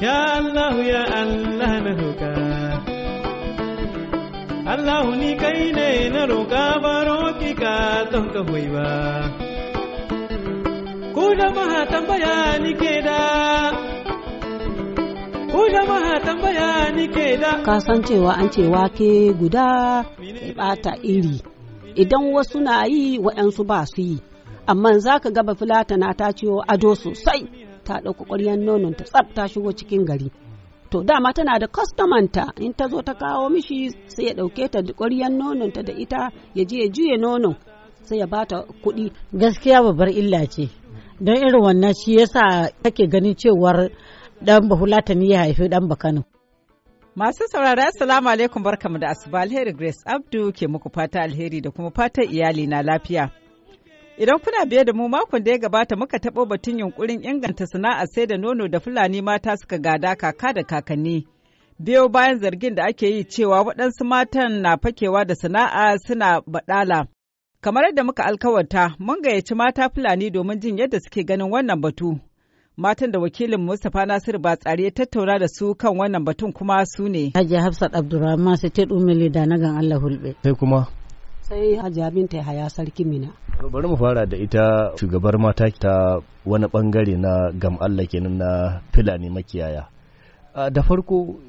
Ya Allah ya Allah na roƙa Allah ni kai ne na roƙa baro ki ka don ka hoyi ba Ku jama'a tambaya ni ke da Ku jama'a tambaya ni ke da Ka san cewa an ce wake guda ɓata iri idan wasu na yi wa'yansu ba su yi amma za ka gaba filatana ta ciwo ado sosai ta ɗauka ƙwaryar nonon ta tsaf ta shigo cikin gari to dama tana da ta in ta zo ta kawo mishi sai ya ɗauke ta da ƙwaryar nonon ta da ita ya je ya juye nonon sai ya bata kuɗi gaskiya babbar illa ce don irin wannan shi yasa kake ganin cewar dan ni ya haifi dan bakano Masu saurara Assalamu alaikum barkamu da asuba alheri Grace Abdu ke muku fata alheri da kuma fatan iyali na lafiya. Idan kuna biye da mu makon da ya gabata muka taɓo batun yunkurin inganta sana'a sai da nono da Fulani mata suka gada kaka da kakanni. Biyo bayan zargin da ake yi cewa waɗansu matan na fakewa da sana'a suna baɗala. Kamar yadda muka alkawarta, mun gayyaci mata Fulani domin jin yadda suke ganin wannan batu. Matan da wakilin Mustapha Nasir tsari ya tattauna da su kan wannan batun kuma su ne. Hajiya Hafsat Abdulrahman sai ta ɗumili da nagan Allah hulɓe. Sai kuma sai hajiya binta haya sarki mina bari mu fara da ita shugabar mata ta wani bangare na gam Allah kenan na filani makiyaya da farko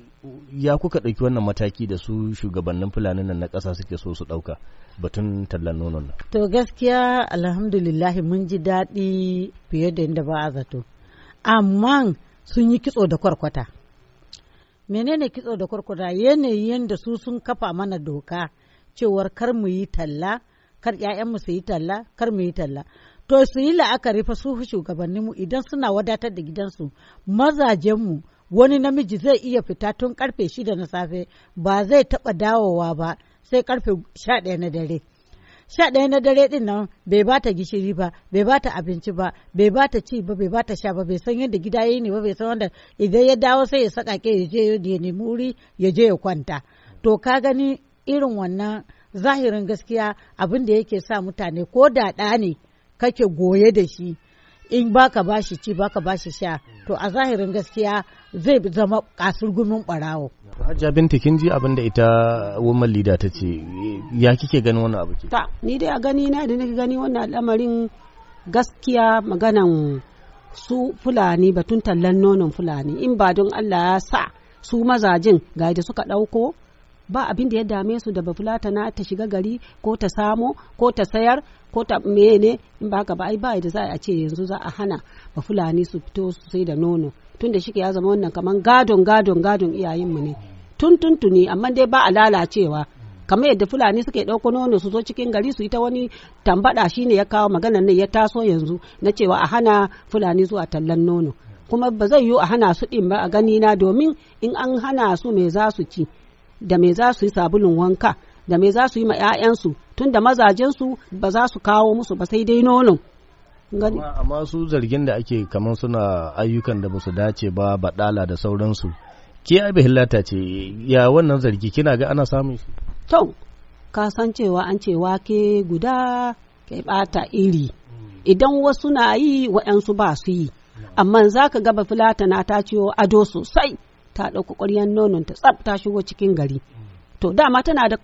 ya kuka ɗauki wannan mataki da su shugabannin fulani nan na ƙasa suke so su ɗauka batun tallan nonon nan. To gaskiya alhamdulillahi mun ji daɗi fiye da inda ba a zato. Amma sun yi kitso da kwarkwata. Menene kitso da kwarkwata yanayin yanda su sun kafa mana doka cewar kar mu yi talla kar mu su yi talla kar mu yi talla to su yi la'akari fa su mu idan suna wadatar da gidansu mu wani namiji zai iya fita tun karfe shida na safe ba zai taba dawowa ba sai karfe sha ɗaya na dare sha ɗaya na dare ɗin nan bai ba ta gishiri ba bai ba ta abinci ba bai ba ta ci ba bai ba ta sha ba bai san yadda gida yayi ne ba bai san wanda idan ya dawo sai ya ke ya je ya nemi wuri ya je ya kwanta to ka gani irin wannan zahirin gaskiya abin da yake sa mutane ko da ɗa ne kake goye da shi in baka bashi ci baka bashi sha to a zahirin gaskiya zai zama gumin barawo. Hajja binta kin ji abin da ita woman leader ta ce ya kike gani wannan abu Ta ni dai a gani na da nake gani wannan al'amarin gaskiya maganan su fulani batun tallan nonon fulani in ba don Allah ya sa su mazajin ga da suka ɗauko ba abin da ya dame su da na ta shiga gari ko ta samo ko ta sayar ko ta mene in ba haka ba ai ba da za a ce yanzu za a hana bafulani su fito su sai da nono tun da shi ya zama wannan kamar gadon gadon gadon iyayenmu ne tun tuntuni amma dai ba a lalacewa kamar yadda fulani suke ɗauko nono su zo cikin gari su ita wani tambada shine ya kawo maganar nan ya taso yanzu na cewa a hana fulani zuwa tallan nono kuma ba zai yiwu a hana su ɗin ba a gani na domin in an hana su me za su ci da me za su yi sabulun wanka da me za su yi ma 'ya'yansu tun da mazajensu ba za su kawo musu ba sai dai nono. amma su zargin da ake kamar suna ayyukan da ba dace ba baɗala da sauransu ke abi hillata ce ya wannan zargi kina ga ana samun su to ka san cewa an cewa ke guda ke bata iri idan wasu na yi wa'yansu ba su yi amma za ka gaba filata na ta ciwo ado sosai ta ɗauka ƙwaryar nonon ta tsaf ta shigo cikin gari to dama tana da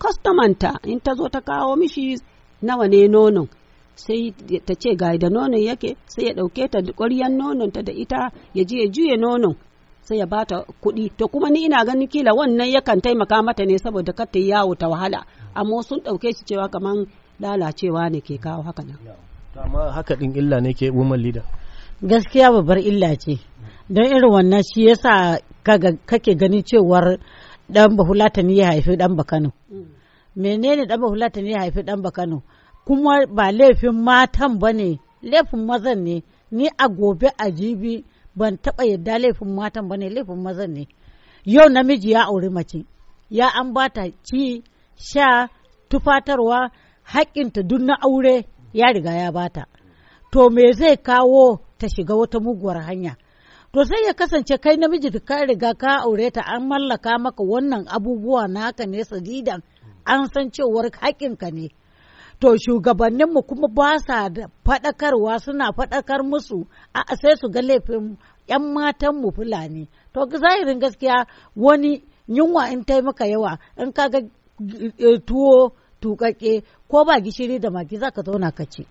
ta in ta zo ta kawo mishi nawa ne nonon sai ta ce ga da nonon yake sai ya ɗauke ta ƙwaryar nonon ta da ita ya je ya juye nonon sai ya bata kuɗi to kuma ni ina ganin kila wannan yakan taimaka mata ne saboda kar ta yawo ta wahala amma sun ɗauke shi cewa kaman lalacewa ne ke kawo haka nan amma haka din illa ne ke woman leader gaskiya babbar illa ce don irin wannan shi yasa kake ganin cewar dan bahulatani ya haifi dan bakano mm. menene dan bahulatani ya haifi dan bakano kuma ba laifin matan ba ne laifin mazan ne ni a gobe a jibi ban taɓa yadda laifin matan ba ne laifin mazan ne yau namiji ya auri mace ya an bata ci sha tufatarwa haƙƙinta duk na aure ya riga ya bata to me zai kawo ta shiga wata muguwar hanya to sai ya kasance kai namiji da ka riga ka aure ta an mallaka maka wannan abubuwa naka ne sadidan an san cewar haƙinka ne to shugabanninmu kuma ba sa da faɗakarwa suna faɗakar musu a sai su ga laifin 'yan matan mu fulani to zahirin gaskiya wani yunwa in ta maka yawa in ka ga eh, tuwo tuƙaƙe ko ba gishiri da magi zaka zauna ka ci.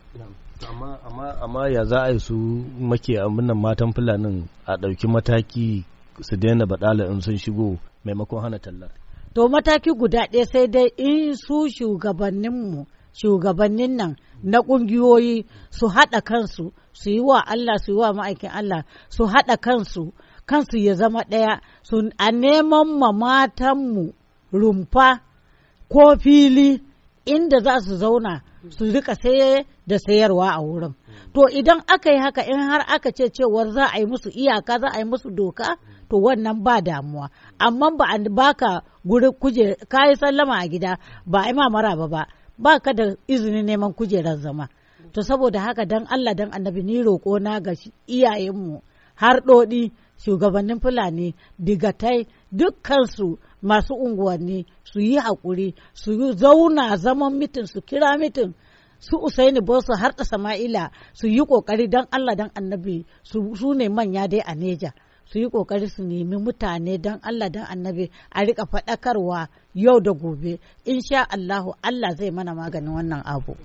amma ya za a yi su make abinnan matan fulanin a ɗauki mataki su daina baɗala in sun shigo maimakon hana tallar to mataki guda ɗaya sai dai in su shugabanninmu shugabannin nan na ƙungiyoyi su haɗa kansu su yi wa Allah su yi wa ma'aikin Allah su haɗa kansu kansu ya zama ɗaya su a neman ma matanmu rumfa ko fili inda za su zauna su rika saye da sayarwa a wurin to idan aka yi haka in har aka ce cewar za a yi musu iyaka za a yi musu doka to wannan ba damuwa amma ba a baka guri kuje kayi sallama a gida ba a yi ba ba ba ka da izinin neman kujerar zama to saboda haka dan Allah dan annabi ni roƙo na ga iyayenmu har ɗoɗi shugabannin fulani digatai dukkansu masu unguwanni su yi haƙuri su zauna zaman mitin su kira mitin su usaini bosu har da sama'ila su yi ƙoƙari don allah don annabi su ne manya dai a neja su yi ƙoƙari su nemi mutane don allah don annabi a rika faɗakarwa yau da gobe in sha allahu allah zai mana maganin wannan abu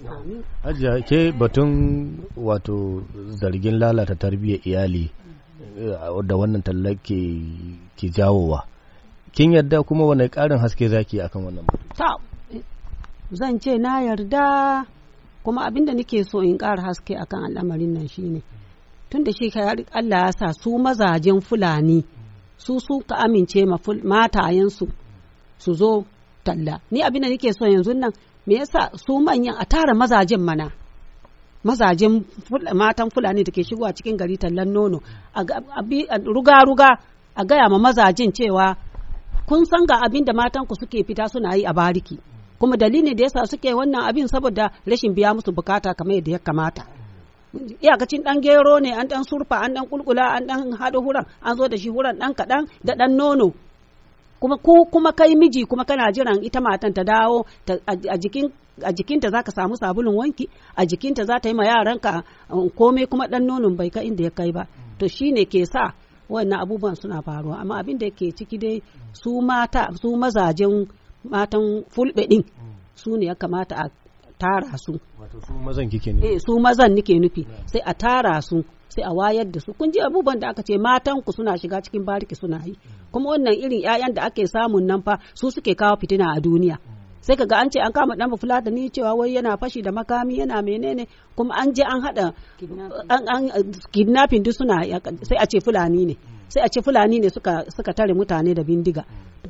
ke batun wato zargin lalata tarbiyyar iyali eh, da wannan talla ke jawowa kin yarda kuma wani ƙarin haske zaki akan wannan ta zan ce na yarda kuma abinda nake so in ƙara haske akan al'amarin nan shine tun da shi Allah ya sa su mazajen fulani su su ka amince ma matayensu su zo talla ni abinda nake so yanzu nan me yasa su manyan a tara mazajen mana mazajen matan fulani da ke shigowa cikin gari tallan nono a ruga-ruga a gaya ma mazajen cewa kun san ga abin da matan ku suke fita suna yi a bariki kuma dalilin da yasa suke wannan abin saboda rashin biya musu bukata kamar yadda ya kamata iyakacin dan gero ne an dan surfa an dan kulkula an dan hado huran an zo da shi huran dan kaɗan da dan nono kuma ku kuma kai miji kuma kana jiran ita matan ta dawo a jikin a jikinta za ka samu sabulun wanki a jikinta za ta yi ma yaranka um, komai kuma dan nono bai ka inda ya kai ba to shine ke sa wannan abubuwan suna faruwa amma abin da ke ciki dai su mata su mazajen matan fulbe din su ne ya kamata a tara su su mazan kike ne eh, su mazan nike nufi sai a tara su sai a wayar da su kun ji abubuwan da aka ce matan ku suna shiga cikin bariki suna yi hmm. kuma wannan irin 'ya'yan da ake samun nan fa su suke kawo fitina a duniya sai kaga an ce an kama dan fulatani cewa wai yana fashi da makami yana menene kuma an je an hada an kidnapping duk suna sai a ce fulani ne sai a ce fulani ne suka suka tare mutane da bindiga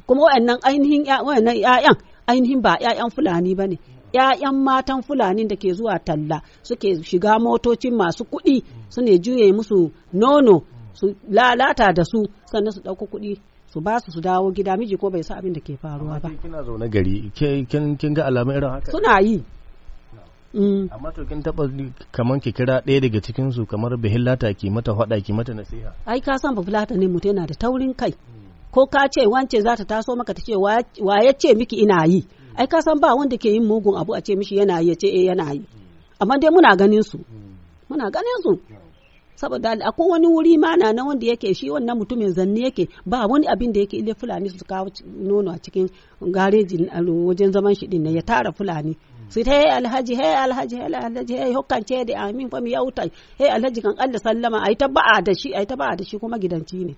kuma wayannan ainihin wayannan ƴaƴan ainihin ba ƴaƴan fulani bane ‘ya'yan matan Fulani da ke zuwa talla suke shiga motocin masu kuɗi su ne juye musu nono su lalata da su sannan su ɗauko kuɗi su ba su su dawo gida miji ko bai san abin da ke faruwa ba kina zaune gari kin ga alamun irin haka suna yi mm. amma to kin taba kamar ki kira ɗaya daga cikin su kamar bihillata ki mata fada ki mata nasiha ai ka san bihillata ne mutum yana da taurin kai mm. ko ka ce wance za ta taso maka ta ce wa ya ce miki ina yi mm. ai ka san ba wanda ke yin mugun abu a ce mishi yana yi ya ce eh yana yi amma dai muna ganin su muna ganin su saboda akwai wani wuri ma na nan wanda yake shi wannan mutumin zanne yake ba wani abin da yake ile fulani su kawo nono a cikin gareji wajen zaman shi din ya tara fulani sai ta yi alhaji hey alhaji hey alhaji hey hukkance da amin fami ya yauta hey alhaji kan Allah sallama ai ta ba'a da shi ai ta ba'a da shi kuma gidanci ne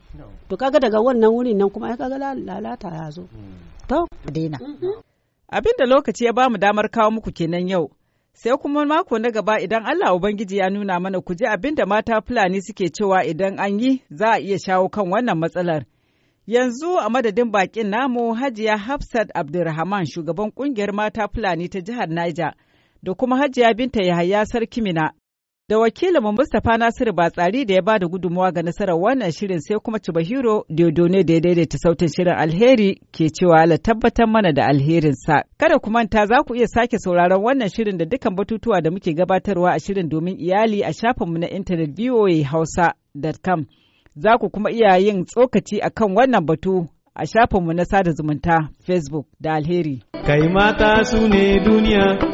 to kaga daga wannan wurin nan kuma kaga lalata ya mm. to dina mm-hmm. abin da lokaci ya bamu damar kawo muku kenan yau Sai kuma mako na gaba idan Allah Ubangiji ya nuna mana ku ji abin da mata Fulani suke cewa idan an yi za a iya shawo kan wannan matsalar. Yanzu a madadin bakin namu Hajiya Hafsat Abdulrahman shugaban kungiyar mata Fulani ta jihar Niger da kuma Hajiya Binta Yahaya Sarki Mina. Da wakilinmu Mustapha Nasiru Batsari da ya ba da gudunmawa ga nasarar wannan shirin sai kuma Cibahiro Diodone da ya daidaita sautin shirin alheri ke cewa ala tabbatar mana da alherinsa. Kada ku manta za ku iya sake sauraron wannan shirin da dukkan batutuwa da muke gabatarwa a shirin domin iyali a shafinmu na intanet voahausa.com. Za ku kuma iya yin tsokaci a kan wannan batu a shafinmu na sada zumunta Facebook da alheri. Kai mata su ne duniya